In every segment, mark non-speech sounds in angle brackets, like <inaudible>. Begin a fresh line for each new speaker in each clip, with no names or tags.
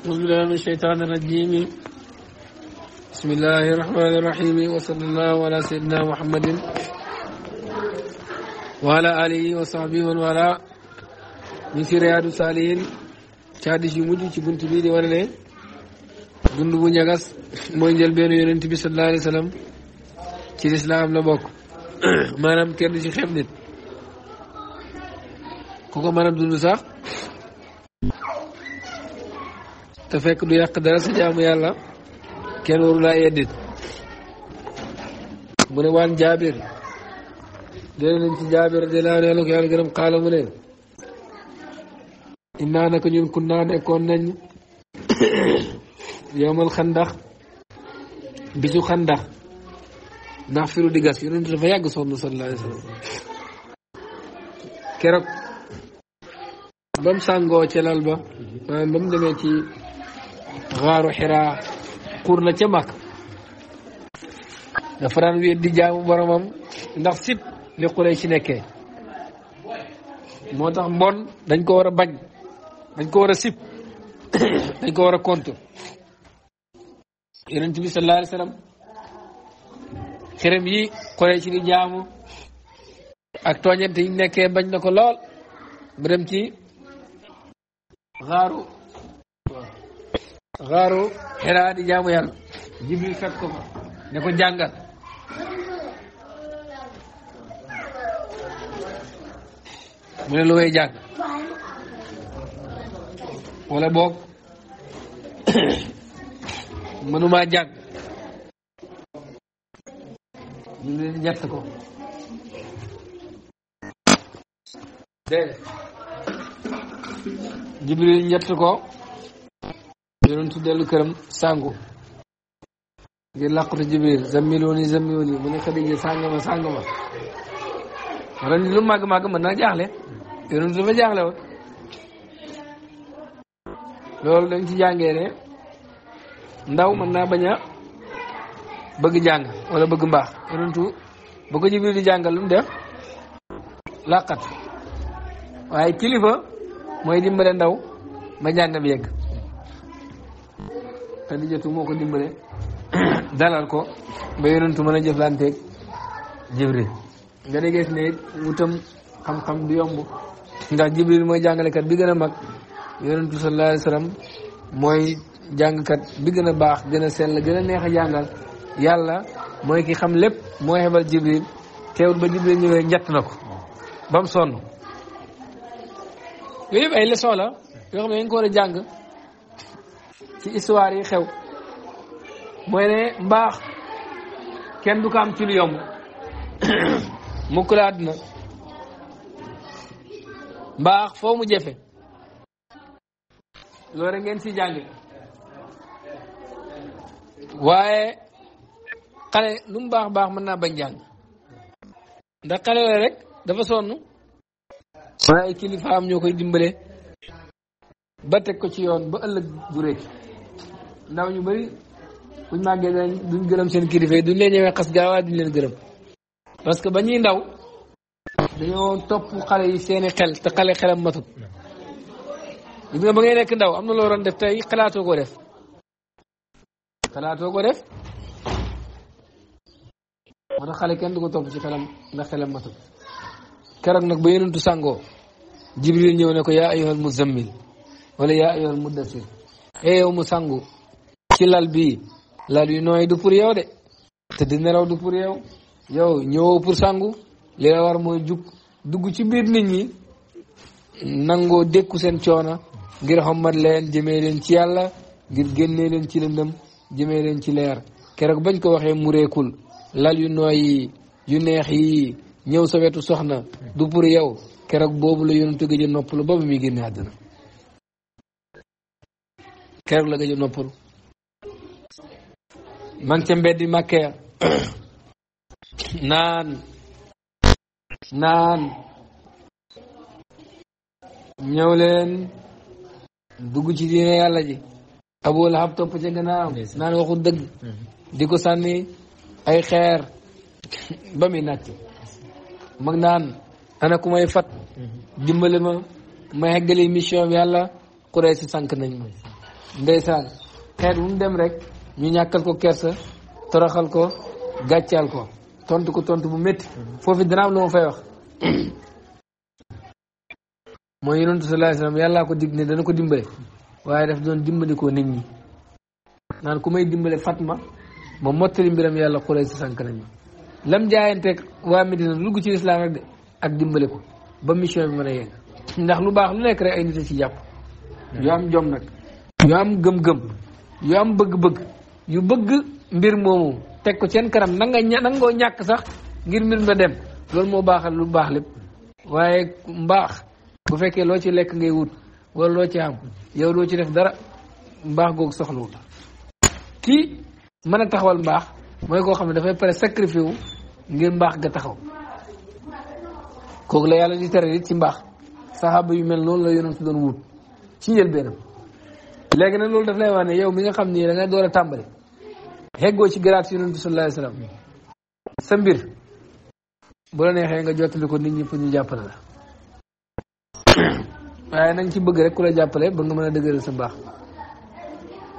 أعوذ بالله من الشيطان الرجيم بسم الله الرحمن الرحيم وصلى الله على سيدنا محمد وعلى آله وصحبه وعلى من في رياض الصالحين شادي شي مجي شي بنت بي دي ورلي بند بو نياغاس موي نديل بينو يونت بي صلى الله عليه وسلم شي الاسلام لا بوك مانام كين شي خيب نيت كوكو مانام دوندو صاح te fekk du yàq dara sa jaamu yàlla kenn waru laa yeddit ne waan jaabir jëlee nañ ci jaabir yàlla ko yàlla gërëm xaala mu ne innaa naka ñun kunnaa nekkoon nañ <coughs> yowmal xandax bisu xandax ndax firu di gas yonent dafa yàgg sonn sallallaahu keroog ba sàngoo ca ba maanaam ba demee ci xaaru xiraa xur na ca màkk dafa daan wéet di jaamu boromam ndax sit li xuree ci nekkee moo tax mbon dañ ko war a bañ dañ ko war a sip <clears throat> dañ ko war a contre yonent bi sallallahu alayhi wa sallam yi xuree ci di jaamu ak tooñante yi nekkee bañ na ko lool mu ci xaaru xaaru xeraa di jaamu yàlla jibril fekk ko fa ne ko jàngal mu lu way jàng wala boog <coughs> mënumaa jàng ñu ñett ko dégg jibril ñett ko yonentu dellu këram sangu ngir làqutu jibril zammilooni zammilooni mu ne xadija sàngama sàngama ren lu màgg màgg mën naa jaaxle yonentu dafa jaaxle woon loolu dañ ci jàngee ne ndaw ma naa bañ a bëgg jàng wala bëgg mbaax yonentu ba ko jibril di jàngal lu mu def làqat waaye kilifa mooy dimbale ndaw ba njàng bi yegg Xadijatu moo ko dimbale dalal ko ba yonentu mën a jëflanteeg Jibril nga ne gis ne wutam xam-xam du yomb ndax Jibril mooy jàngalekat bi gën a mag yonentu sallallahu alayhi wa sallam mooy jàngkat bi gën a baax gën a sell gën a neex a jàngal yàlla mooy ki xam lépp mooy xebal Jibril teewul ba Jibril ñëwee njett na ko ba sonn yooyu yëpp ay leçon la yoo xam ne jàng ci histoire yi xew mooy ne mbaax kenn du ko ci lu yomb <coughs> mukk la àdduna mbaax foo mu jafe loolu rek ngeen si jànge waaye xale lu mu baax baax mën naa bañ jàng ndax xale la rek dafa sonn waaye kilifaam ñoo koy dimbale ba teg ko ci yoon ba ëllëg du ndaw ñu bëri buñ màggee dañ duñ gërëm seen kilifa yi duñ leen ñëwee xas gaa duñ leen gërëm parce que ba ñuy ndaw dañoo topp xale yi seen xel te xale xelam matut nekk ndaw am na loo def tey xalaatoo ko def xalaatoo ko def moo tax kenn du ko topp ci xelam ndax xelam matut keroog nag ba yenentu sàngoo jibril ñëw ne ko yaa ayyuhal muzammil wala yaa ayyuhal muddassir e eh yow mu sangu ci lal bi lal yu nooy du pour yow de te di nelaw du pour yow yow ñëwoo pour sangu li la war mooy jug dugg ci biir nit ñi nangoo dékku seen coono ngir xommat leen jëmee leen ci yàlla ngir génne leen ci lëndam jëme leen ci leer keroog bañ ko waxee mureekul lal yu nooy yi yu neex yi ñëw sa wetu soxna du pour yow keroog boobu la yonentu gëj a noppalu ba ba muy génne àdduna keroog la gëj a noppalu man ca mbeddi Màkka ya naan naan ñëw leen dugg ci diine yàlla ji Abu Lahab topp ca gannaawam naan waxul dëgg mhm. di ko sànni ay xeer ba muy nàcc mag naan ana ku may fat mhm. dimbali ma ma eggali mission yàlla Quraysh si sànq nañ ma ndeysaan xeet wu mu dem rek ñu ñàkkal ko kersa toroxal ko gàccaal ko tontu ko tontu bu metti foofu dana am lu ma fay wax mooy yonentu sallallahu alayhi laa yàllaa ko dig ne dana ko dimbale waaye daf doon dimbalikoo nit ñi naan ku may dimbale Fatma ma mottali mbiram yàlla xuree si sànq mi lam jaayanteeg waa Medina lugg ci lislaam rek de ak dimbale ko ba mission bi mën a yegg ndax lu baax lu nekk rek ay nit a ci jàpp yoo am jom nag yoo am gëm-gëm yoo am bëgg-bëgg yu bëgg mbir moomu teg ko seen karam na nga ña nangoo ñàkk sax ngir mbir ma dem loolu moo baaxal lu baax lépp waaye mbaax bu fekkee loo ci lekk ngay wut wala loo ci am yow loo ci def dara mbaax googu soxlawul kii mën a taxawal mbaax mooy koo xam ne dafay pare sacrifice wu ngir mbaax ga taxaw kooku la yàlla di tere nit ci mbaax saxaaba yu mel noonu la si doon wut ci njëlbeenam léegi na loolu daf lay wax ne yow mi nga xam nii dangay door a tàmbali xeggoo ci garaat yonent bi sallallahu alayhi wasallam sa mbir bu neexee nga jottali ko nit ñi pour ñu jàppale la waaye nañ ci bëgg rek ku la jàppale ba nga mën a dëgëral sa baax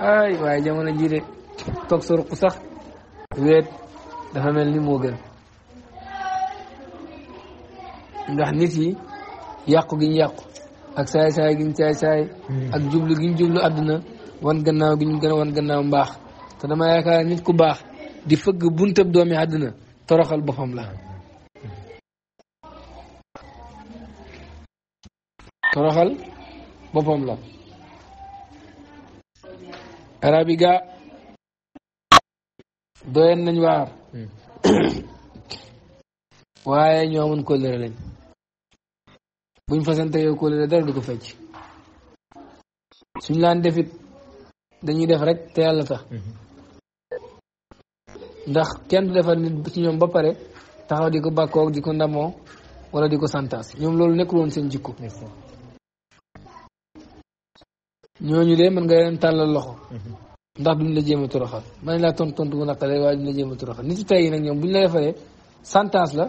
ay waaye jamono jii de toog sa ruq sax weet dafa mel ni moo gën ndax nit yi yàqu gi ñu yàqu ak saay saay gi ñu saay saay ak jublu gi ñu jublu àdduna wan gannaaw gi ñu gën a wan gannaaw mbaax te dama yaakaar nit ku baax di fëgg buntab doomi àddina toroxal boppam la toroxal boppam la arab yi gaa doyen nañ waar hmm. waaye ñoo amoon kóllëre lañ buñ fasante yow kóllëre dara du ko fecc suñ laan defit dañuy def rek te yàlla tax hmm. ndax kenn du defar nit ñoom ba pare taxaw di ko bàkkoog di ko ndamoo wala di ko santaas ñoom loolu nekkul woon seen jikko ñooñu de mën nga leen tàllal loxo mm-hmm. ndax duñ la jéem toroxal ma ne laa tontu tontu bu naqaree waaye duñ la jéem a toroxal nit yi tey nag ñoom buñ la defaree santaas la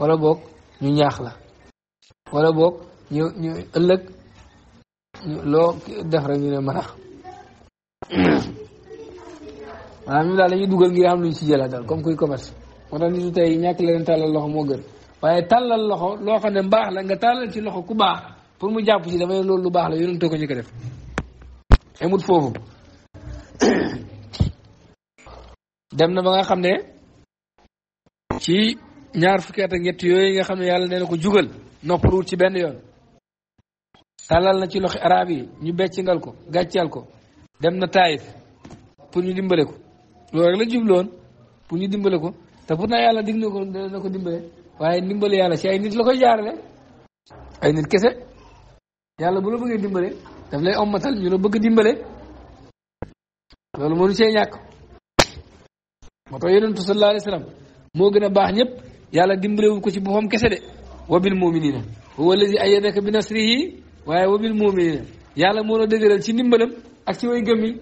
wala boog ñu ñaax la wala boog ñu ñu loo def rek ñu ne mën <coughs> maanaam ñun daal dañuy dugal ngir am lu ñu si jëlaat daal comme kuy commerce moo tax nitu tey ñàkk leen tàllal loxo moo gën waaye tàllal loxo loo xam ne mbaax la nga tàllal ci loxo ku baax mu jàpp ci damay loolu lu baax la yonentoo ko ñu ko def amut <coughs> dem na ba xam ne ci ñaar fukki at ak ñett nga xam ne yàlla nee ko jugal noppaluwut ci benn yoon tàllal na ci loxo arab yi ñu beccingal ko gàcceel ko dem na taayif pour ñu dimbale ko loolu rek la jubloon pour ñu dimbale ko te pourtant yàlla dig na ko na ko dimbale waaye dimbale yàlla ci ay nit la koy jaarale ay nit kese yàlla bu la bëggee dimbale daf lay ommatal ñu la bëgg dimbale loolu mënu see ñàkk moo tax yonentu sallallahu alayhi wa moo gën a baax ñëpp yàlla dimbalewul ko ci boppam kese de wabil muminina waaye wabil muminina yàlla moo la dëgëral ci ndimbalam ak ci way gëm yi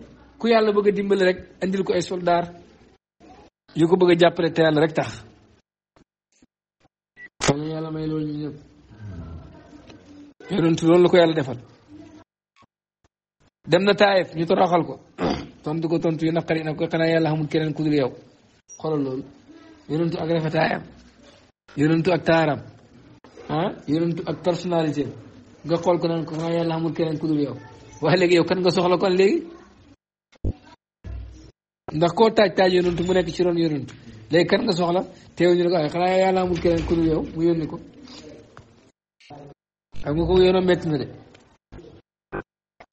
ku yàlla bëgg a dimbali rek andil ko ay soldaar yu ko bëgg a jàppale te rek tax xanaa yàlla may loolu ñu ñëpp yonentu loolu la ko yàlla defal dem na taayef ko <clears throat> tontu ko tontu yu naqari na ko xanaa yàlla xamul keneen ku dul yow xoolal loolu yonentu ak rafetaayam yonentu ak taaram ah yonentu ak personnalité nga xool ko naan ko xanaa yàlla xamul keneen ku dul yow léegi yow kan nga soxla kon léegi ndax koo taaj taaj yonantu mu nekk ci ron yonantu léegi kan nga soxla teew ñu ne ko ay mu yónni ko xam nga ko yoonam métti na de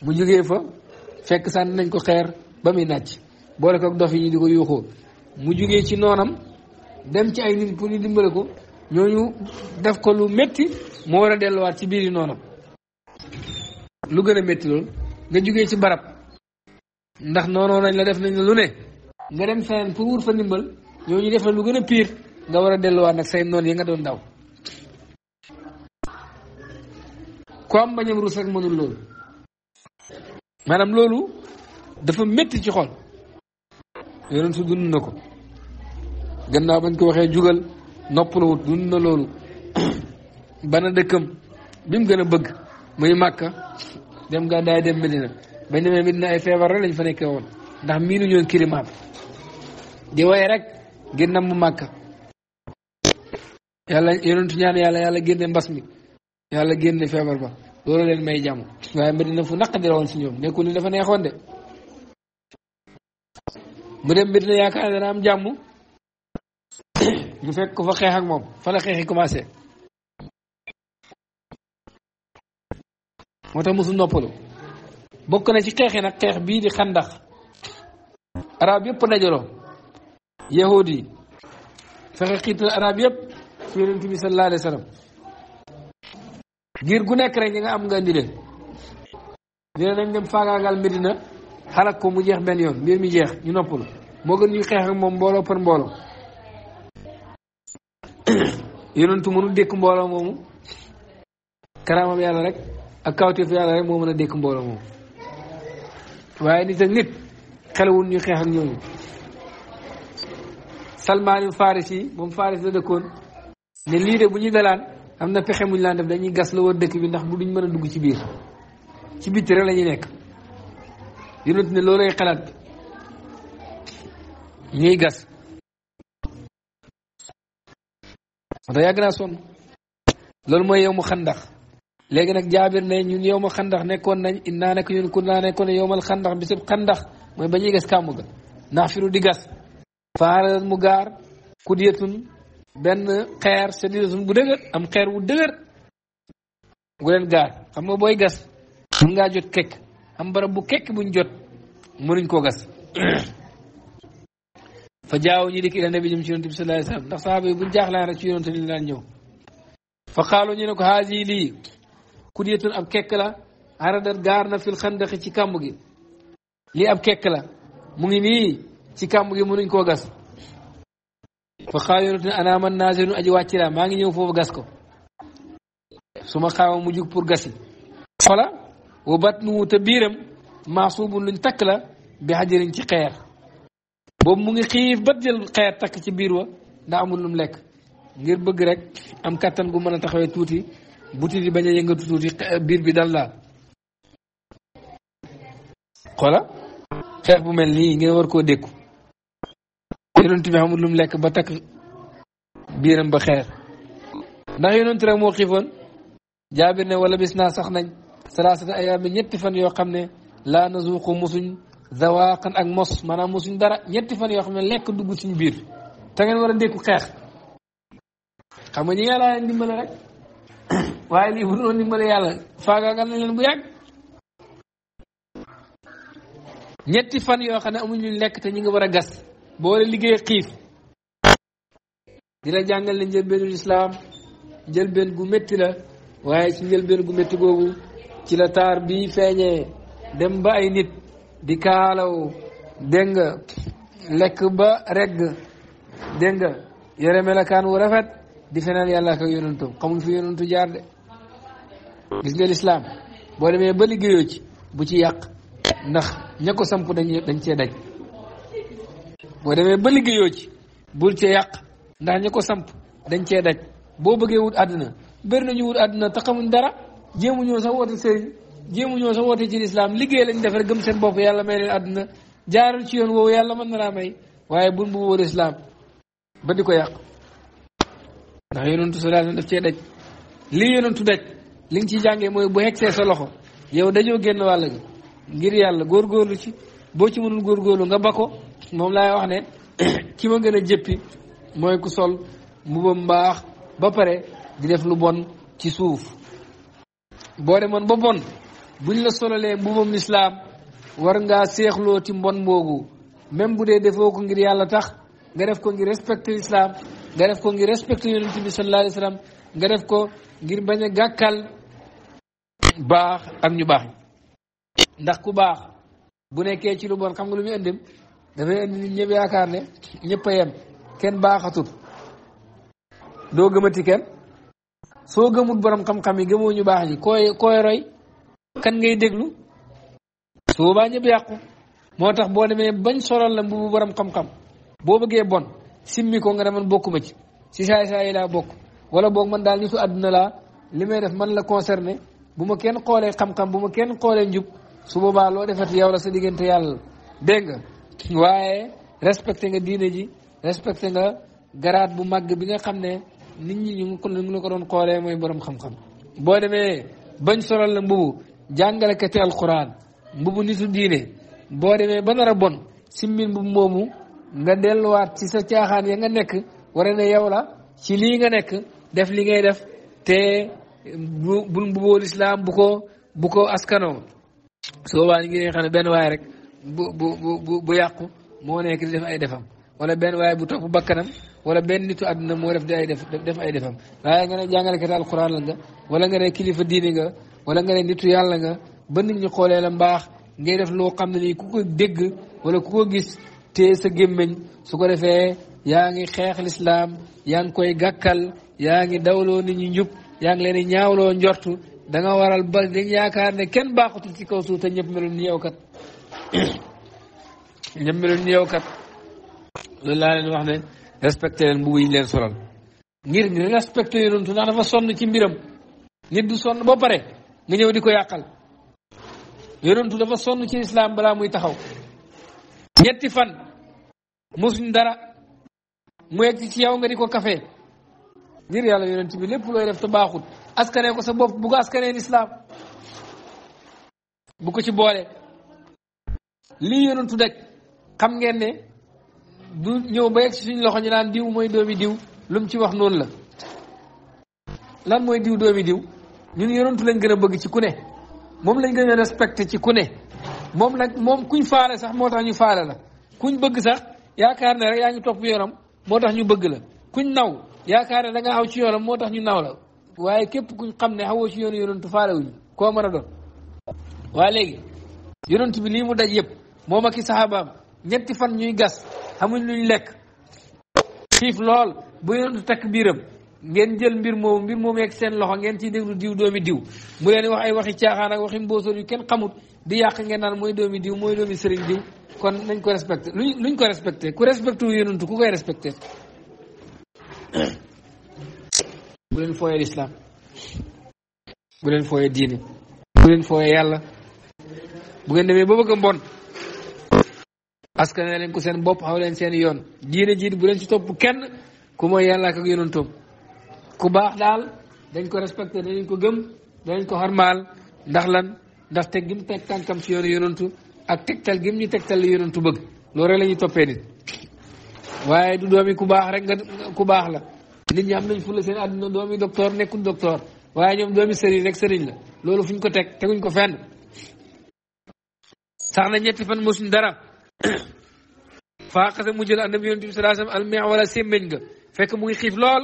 bu jógee fa fekk sànni nañ ko xeer ba muy nàcc boole ko ak dof yi ñu di ko yuuxoo mu jógee ci noonam dem ci ay nit pour ñu dimbale ko ñooñu def ko lu metti moo war a delluwaat ci biir yi noonam lu gën a métti loolu nga jógee ci barab ndax noonoo nañ la def nañ lu ne nga dem feneen pour wur fa ndimbal ñooñu def la lu gën a piir nga war a delluwaat nag say noon yi nga doon daw ku am bañam rus rek mënul loolu maanaam loolu dafa métti ci xol yonent su dund na ko gannaaw bañ ko waxee jugal noppalawut dund na loolu <clears throat> bana dëkkam bi mu gën a bëgg muy màkka dem gàddaay dem Medina bañ demee Medina ay feebar rek lañ fa nekkee woon ndax miinu ñoon climat di woy rek ngir nam mu màkka yàlla yonentu ñaan yàlla yàlla génne mbas mi yàlla génne feebar ba loolu leen may jàmm waaye Medina fu naq di la woon ñoom nekkul ni dafa neexoon de mu dem Medina yaakaar ne dana am jàmm ñu fekk fa xeex moom fa la xeex yi moo tax mosu noppalu bokk na ci xeex yi xeex bii di xandax arab yëpp dajaloo yahuud yi fexe xiital arab yëpp ci yonent bi sallallahu alayhi wa gu nekk rek ñi nga am nga indi leen dina nañ dem faagaagal Medina xalak ko mu jeex benn yoon mbir mi jeex ñu noppul moo gën ñuy xeex ak moom mbooloo par mbooloo <coughs> yonentu mënu dékk mbooloo moomu karaamam yàlla rek ak kawteefu yàlla rek moo mën a dékk mbooloo moomu waaye nit ak nit xelewul ñu xeex ak ñooñu سلمان الفارسي مم فارس ده كون نلي ده بني دلان هم نفخ ملان ده بني غسل ورد كي بنخ بدين من دوغي تبير تبي ترى لني نك ينوت نلولا يقلد يي غس ريا غناسون لول مو يوم خندق لكن جابر نين ين يوم خندق نكون نين إننا نكون نكون يوم الخندق بسبب خندق ما بني غس كاموغا نافرو دي غس faaraan mu gaar kudiyatun benn xeer sadidatun bu dëgër am xeer wu dëgër gu leen gaar xam nga booy gas mun ngaa jot kekk am barab bu kekk buñ jot mënuñ koo gas <clears throat> fa jaaw ñu dikk ila nabi jëm ci yonent bi sallallahu alayhi wasallam ndax sahaaba yi buñ jaaxlaan rek ci yonent bi daan ñëw fa xaalu ñu ne ko haasi lii kudiyatun ab kekk la aradat gaar na fil xandaxi ci kàmb gi lii ab kekk la mu ngi nii ci kàmb gi mënuñ koo gas fa xaayonatu ne ana man naasirun aji wàcci laa maa ngi ñëw foofu gas ko su ma xaawa mu jug pour gas yi xola wa batnuhu te biiram maasuubun luñ takk la bi xajarin ci xeex boobu mu ngi xiif bat jël xeer takk ci biir wa daa amul lu lekk ngir bëgg rek am kàttan gu mën a taxawee tuuti butit yi bañ a yëngatu tuuti biir bi dal laal xola xeex bu mel nii ngeen war koo dékku yonent bi amul lu lekk ba takk biiram ba xeex ndax yonent rek moo xiifoon jaabir ne wala bis naa sax nañ salaasata ayaami ñetti fan yoo xam ne laa nazuuqu mosuñ zawaaqan ak mos maanaam ñetti fan yoo xam ne lekk dugg suñ biir te ngeen war a dékku xeex xam nga ñu yàlla leen dimbale rek <coughs> waaye lii bu doon dimbale yàlla faagaagal nañ leen bu yàgg ñetti fan yoo xam ne amuñ luñ lekk te ñu ngi war a gas boole liggéey xiif di la jàngal ne njëlbeenu lislaam njëlbeen gu metti la waaye ci njëlbeen gu metti boobu ci la taar bii feeñee dem ba ay nit di kaalaw dégg nga lekk ba regg dégg nga yore melakaan wu rafet di feneen yàlla ak yonantoom xamul fi yonantu jaar de gis nga lislaam boo demee ba liggéeyoo ci bu ci yàq ndax ña ko samp dañ dañ cee daj boo demee ba liggéeyoo ci bul cee yàq ndax ñi ko samp dañ cee daj boo bëggee wut àdduna bëri nañu wut àdduna te xamuñ dara jéemu ñoo sa woote sëriñ jéemu ñoo sax woote ci lislaam liggéey lañu def rek gëm seen bopp yàlla may leen àdduna jaaral ci yoon woowu yàlla mën na laa may waaye bun bu wóor lislaam ba di ko yàq ndax yonentu sallallahu daf cee daj lii yonentu daj li nga ci jàngee mooy bu xegsee sa loxo yow dañoo génn wàll ngir yàlla góor góorlu ci boo ci mënul góorgóorlu nga ba moom laay wax ne <clears throat> ki ma gën a jëppi mooy ku sol mbubam baax ba pare di def lu bon ci suuf boo demoon ba bon ñu la solalee mbubam lislaam war ngaa seexloo ci mbon boobu même bu dee defoo ko ngir yàlla tax nga def ko ngir respecté lislaam nga def ko ngir respecté yonent bi sallallahu ko ngir bañ a gàkkal baax ak ñu baax ndax ku baax bu nekkee ci lu bon xam nga lu muy ëndim dafay indi nit ñëpp yaakaar ne ñëpp a kenn baaxatul doo gëmati kenn soo gëmut boroom xam-xam yi gëmoo ñu baax ñu koy koy roy kan ngay déglu su boobaa ñëpp yàqu moo tax boo demee bañ solal la mbubu borom xam-xam boo bëggee bon simmi ko nga deman man bokkuma ci si saay saay yi laa bokk wala boog man daal nitu àdduna laa li may def man la concerné bu ma kenn xoolee xam-xam bu ma kenn xoolee njub su boobaa loo defati yow la sa diggante yàlla dégg nga waaye respecté nga diine ji respecté nga garaat bu màgg bi nga xam ne nit ñi ñu ngi ko ñu ngi la ko doon xoolee mooy boroom xam-xam. boo demee bañ solal la mbubu jàngalekati alquran mbubu nitu diine boo demee ba nar bon simmin mbubu moomu nga delluwaat ci sa caaxaan ya nga nekk waree ne yow la ci lii nga nekk def li ngay def te bu bu mbubu lislaam bu ko bu ko askanoo. soo waa ngi xam ne benn waay rek. bu bu bu bu yàqu moo nekk di def ay defam wala benn waaye bu topp bakkanam wala benn nitu àdduna moo def di ay def def ay defam waaye nga ne jàngalekat alquran la nga wala nga ne kilifa diine nga wala nga ne nitu yàlla nga ba nit ñi xoolee la mbaax ngay def loo xam ne nii ku ko dégg wala ku ko gis te sa gémmiñ su ko defee yaa ngi xeex lislaam yaa ngi koy gàkkal yaa ngi dawloo nit ñi njub yaa ngi leen di ñaawloo njort da nga waral ba dañ yaakaar ne kenn baaxutul ci kaw suuf te ñëpp meloon ni yow kat <coughs> ñoom meloon ni yow kat loolu laa leen wax ne respecté leen mbubu yi ñu leen solal ngir nga respecté yonentu ndax dafa sonn ci mbiram nit du sonn ba pare nga ñëw di ko yàqal yonentu dafa sonn ci islaam balaa muy taxaw ñetti fan mosuñ dara mu yegg ci yow nga di ko kafe ngir yàlla yonent bi lépp looy def te baaxut askanee ko sa bopp bu ko askanee lislaam bu ko ci boole lii yonentu daj xam ngeen ne du ñëw ba yegg si loxo ñu naan diw mooy doomi diw lu mu ci wax noonu la lan mooy diw doomi diw ñun yonentu lañ gën a bëgg ci ku ne moom lañ gën a respecté ci ku ne moom nag moom kuñ faale sax moo tax ñu faale la kuñ bëgg sax yaakaar ne rek yaa ngi topp yoonam moo tax ñu bëgg la kuñ naw yaakaar na danga xaw aw ci yoonam moo tax ñu naw la waaye képp kuñ xam ne xawoo ci yoonu yonentu faale wuñu koo mën a doon waa léegi yonent bi lii mu daj yëpp moom ak i saxaabaam ñetti fan ñuy gas xamuñ luñ lekk xiif lool bu yonentu takk biiram ngeen jël mbir moomu mbir moomu ak seen loxo ngeen ciy déglu diw doomi diw mu leen wax ay waxi caaxaan ak waxi mbóosóor yu kenn xamut di yàq ngeen naan mooy doomi diw mooy doomi sëriñ diw kon nañ ko respecté luñ luñ ko respecté ku respecté wu yonentu ku koy respecté <coughs> bu leen fooyee lislaam bu leen fooyee diine bu leen fooyee yàlla bu ngeen demee ba bëgg a askan ne leen ko seen bopp xaw leen seen yoon jiine jiit bu leen ci topp kenn ku mooy yàlla ak yonentoom ku baax daal dañ ko respecté danañ ko gëm danañ ko xormaal ndax lan ndax te gi mu teg tànkam ci yoonu yonentu ak tegtal gi mu ñu tegtal li yonentu bëgg loolu rek la ñuy toppee nit waaye du doomi ku baax rek nga ku baax la nit ñi am nañ fu la seen àdduna doomi docteur nekkul docteur waaye ñoom doomi sëriñ rek sëriñ la loolu fu ñu ko teg teguñ ko fenn sax na <coughs> faaxase mu jël annabi yonent bi salaa sallam almeex wala sémmeñ nga fekk mu ngi lool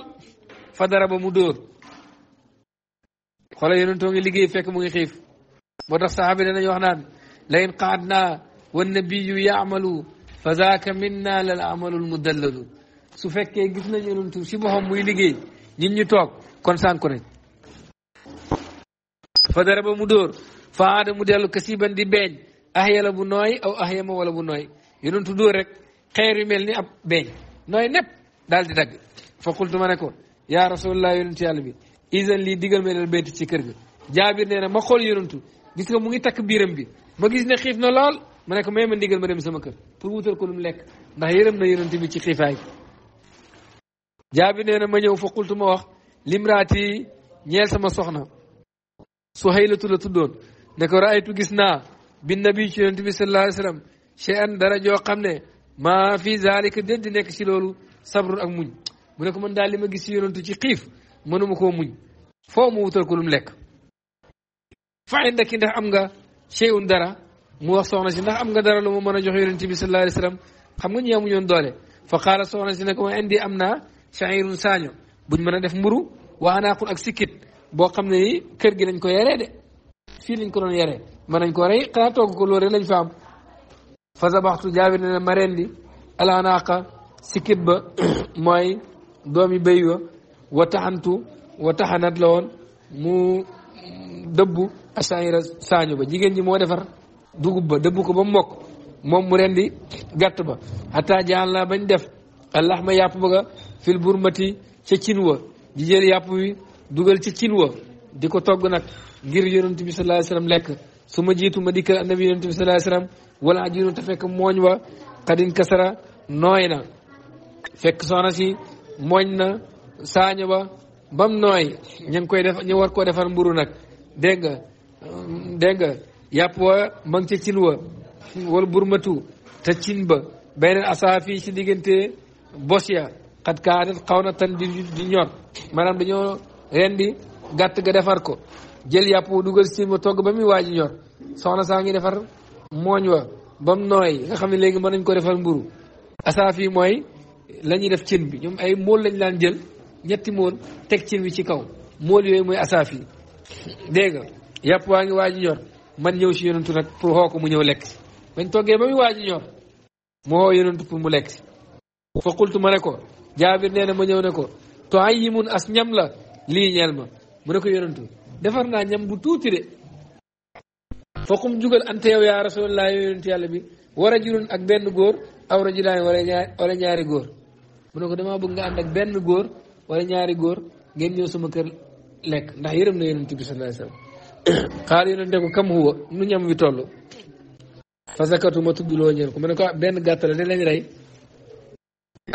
fa dara ba mu dóor xoolal yonentoo yi liggéey fekk mu ngi xiif moo saxaabi danañ wax naan la in qaad naa nabiyu yaamalu fa zaaka minna lal amalul mudallalu su fekkee gis nañ yonentu si boppam muy liggéey ñun ñu toog kon sànku nañ fa dara mu dóor fa aada mu dellu kasiban di beeñ ahiya la bu nooy aw ahiya ma wala bu nooy yonentu dóor rek xeer yu mel ni ab beeñ nooy nepp daal di dagg fa qultu ma ne ko yaa rasulullah yonentu yàlla bi isan lii digal ma del bayti ci kër ga jaabir nee na ma xool yonentu gis nga mu ngi takk biiram bi ma gis ne xiif na lool ma ne ko may ma ndigal ma dem sama kër pour wutal ko lu mu lekk ndax yërëm na yonent bi ci xiifaay jaabi nee na ma ñëw fa qultu ma wax limraati ñeel sama soxna suhaylatu la tuddoon ne ko raaytu gis naa bi nabi ci yonent bi sallallahu alayhi wa dara joo xam ne maa fi zalika déet di nekk ci loolu sabrun ak muñ mu ne ko man daal li ma gis ci yonentu ci xiif mënuma koo muñ foo mu wutal ko lu lekk fa indaki ndax am nga cheyun dara mu wax soxna si ndax am nga dara lu ma mën a jox yonent bi sallallahu alayhi xam nga ñi amuñoon doole fa qaala si ne ko indi am naa shairun saaño buñ mën a def mburu waa anaaqun ak sikkit boo xam ne ni kër gi lañ ko yaree de fii ko doon yaree mën nañ ko rey xanaa togg ko loolu rek lañ fa am fa sabaxtu jaabir ne ma rendi alaanaqa sikib ba <clears throat> mooy doomi béy wa wa taxantu wa taxanat la woon mu dëbbu achaira saañu ba jigéen ji moo defar dugub ba dëbbu ko ba mokk moom mu rendi gàtt ba xataa jaan la bañ def allax ma yàpp ba nga fil burmati ca cin wa di jël yàpp wi dugal ca cin wa di ko togg nag ngir yonent bi sallallahu alayhi lekk su ma jiitu ma dikkal annabi yonent bi sallallahu alayhi wasallam wala ajinu te fekk mooñ wa xadin kasara nooy na fekk soxna si mooñ na saaña ba bam nooy ña ngi koy def ñu war koo defar mburu nag dégg nga dégg nga yàpp wa ma ngi ca cin wa wala burmatu te cin ba beneen asaafi si diggante bos ya xat kaa xaw na tan di di ñor maanaam dañoo rendi gàtt ga defar ko jël yàpp dugal si ma togg ba muy ñor soxna saa ngi defar mooñ wa ba mu nooy nga xam ne léegi mën nañ ko defar mburu asaaf mooy la def cin bi ñoom ay mool lañ daan jël ñetti mool teg cin bi ci kaw mool yooyu mooy asaaf yi nga yàpp waa ngi waaj ñor man ñëw si yonentu nag pour xoo ko mu ñëw lekk bañ toggee ba muy waaj ñor moo xoo yonentu pour mu lekk fa qultu ma ne ko jaabir nee na ma ñëw ne ko to ay yi mun as ñam la lii ñeel ma mu ne ko yonentu defar naa ñam bu tuuti de fokkum jugal ante yow yaa rasulullah yow yàlla bi war a juróon ak benn góor aw rajulaan wala ñaari wala góor mu ne ko dama bëgg nga ànd ak benn góor wala ñaari góor ngeen ñëw sama kër lekk ndax yërëm na yonent bi sallallahu alayhi wasallam <coughs> xaal yonente ko kam huwa nu ñam wi toll fa zakatu ma tudd loo ñeen ko mu ne ko ah, benn gàttale de lañ rey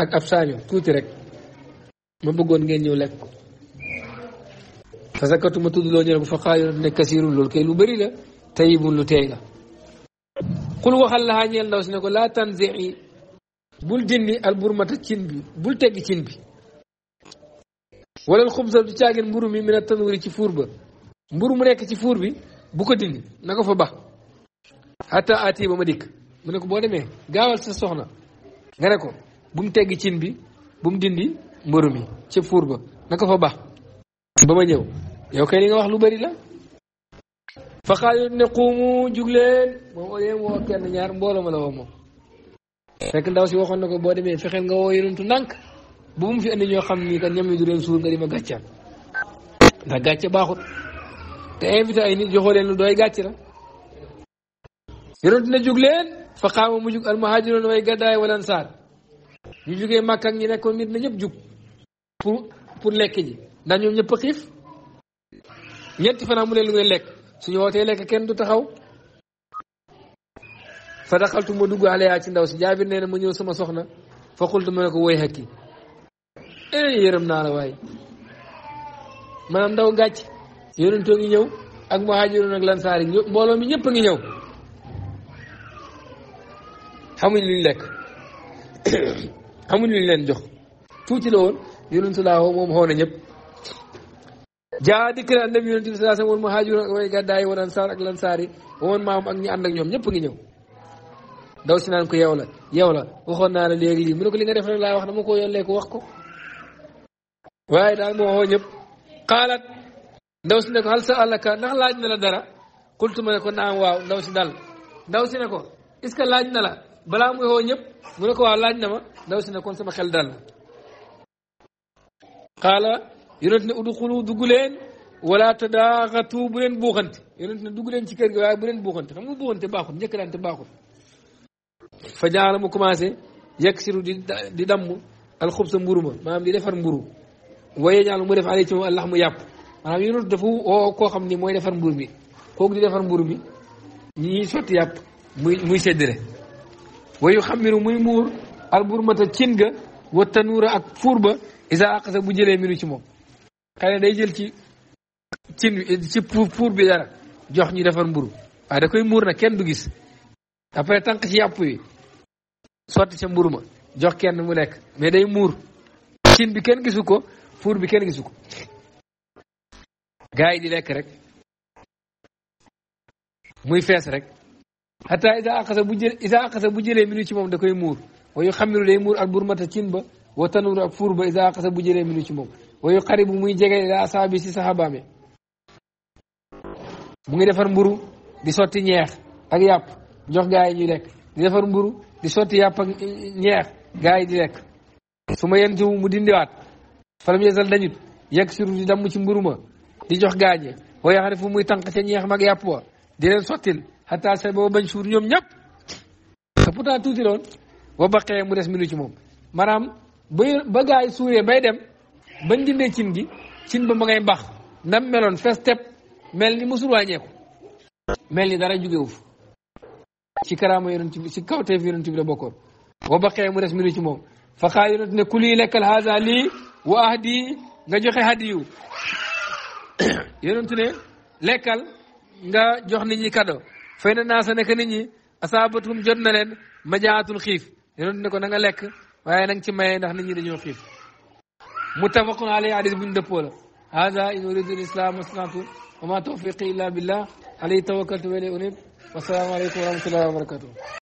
ak ab saaño tuuti rek ma bëggoon ngeen ñëw lekk ko fa zakartu ma tudd loo ñu loolu kay lu bëri la tayibun lu teey la xul waxal laxaa ñeel ndaw si ne ko laa tanzii bul dindi alburmata cin bi bul teggi cin bi wala xubsa du caagin mburu mi mina tanwuri ci fuur ba mburu mu nekk ci fuur bi bu ko dindi na ko fa bax hatta ati ba ma dikk mu ne ko boo demee gaawal sa soxna nga ne ko bu teggi cin bi bu mu dindi mburu mi ci fuur ba na ko fa bax ba ma ñëw yow kay li nga wax lu bari la fa xaalit ne xuumu jug leen moom au lieu kenn ñaar mbooloo ma la woo moom ndaw si waxoon na ko boo demee fexeel nga woo yonentu ndànk bu mu fi andi ñoo xam ni kat ñam yi du leen suur nga di ma gàcceel ndax te invité ay nit joxoo leen lu doy gàcce la yonentu ne jug leen fa xaama mu jug almuhaajiroon way gaddaay wala ansaar ñu jugee màkk ak ñi nekkoon nit na ñëpp jug pour pour ji ndax ñoom ñëpp xiif ñeenti fan amu leen lu ngeen lekk suñu wootee lekk kenn du taxaw fa daxaltu ma dugg ale yaa ci ndaw si jaabir nee na ma ñëw sama soxna fa xultu ma ne ko woy hakki eh yërëm naa la waaye maanaam ndaw gàcc yonentoo ngi ñëw ak muhaajiroon ak lansaar yi mbooloo mi ñëpp a ngi ñëw xamuñ luñ lekk <coughs> xamuñ luñ leen jox tuuti la woon yonentu laa woo moom xoo na ñëpp jaa dikk na annabi yonent bi sallallahu alayhi wasallam wal muhaajiruun way gàddaa yi wal ansaar ak lansaar yi woon maam ñi ànd ñoom ñëpp ngi ñëw daw si naan ko yow la yow la waxoon naa la léegi lii ko li nga def rek laa wax dama ko yollee wax waaye daal moo waxoo ñëpp xaalat si ne ko hal sa'alaka laaj na la dara xultu ma ne ko naam waaw ndaw si dal ndaw si ko laaj na la balaa muy woo ñëpp mu ko waaw laaj na ma ndaw si ne kon sama xel dal xaala يرنت ندخلوا دغلين ولا تداغتوا بين بوخنت يرنت دغلين سي كيرغي واي بولين بوخنت خم نو آه، بوخنت باخو نيكرانت باخو فجال مو كوماسي يكسر دي دم الخبز مبرما ما ام دي ديفار مبرو وي نالو مو ديف علي تي الله مو ياب مانام يرنت دفو او كو خم ني موي ديفار مبرمي كوك دي ديفار مبرمي ني سوت ياب موي موي سيدري ويخمر موي مور البرمه تشينغا وتنور اك فوربا اذا اخذ بو جيري منو سي xëy na day jël ci cin ci fuur bi dara jox ñu defar mburu waaye da koy muur na kenn du gis après tànk ci yàpp wi sotti ca mburu ma jox kenn mu lekk mais day muur cin bi kenn gisu ko fuur bi kenn gisu ko gaa yi di lekk rek muy fees rek xataa isa aqasa bu jël isa aqasa bu jëlee minu ci moom da koy muur wayu xamiru day muur al burmata cin ba wa tanuuru ak fuur ba isa aqasa bu jëlee minu ci moom wayu xaribu muy jege ila asaabi si sahabaam mu ngi defar mburu di sotti ñeex ak yàpp jox gaay ñu ñuy lekk di defar mburu di sotti yàpp ak ñeex gaay di lekk su ma mu dindiwaat falam yesal dañut yegg suru di damm ci mburu ma di jox gaa ñi wayu xarifu muy tànq ca ñeex mag yàpp wa di leen sottil hatta sa booba bañ ñoom ñëpp te pourtant tuuti wa baqee mu des minu ci moom maram ba ba bay dem bañ dindee cin gi cin ba ma ngay baax nam meloon fees tepp mel ni musul wàññeeku mel ni dara jógewu fa ci karaama yonent bi ci kawteef yonent bi la bokkoon wa baqee mu des minu ci moom fa xaa yonent ne ku lii lekkal haasa lii wa nga joxe hadiyu yonent ne lekkal nga jox ni ñi kado fay na naa sa nekk nit ñi asaabatum jot na leen majaatul xiif yonent ne ko na nga lekk waaye na ci mayee ndax nit ñi dañoo xiif متفق عليه حديث بن دبول هذا إن أريد الإسلام أصنعت وما توفيقي إلا بالله عليه توكلت وإليه أنيب والسلام عليكم ورحمة الله وبركاته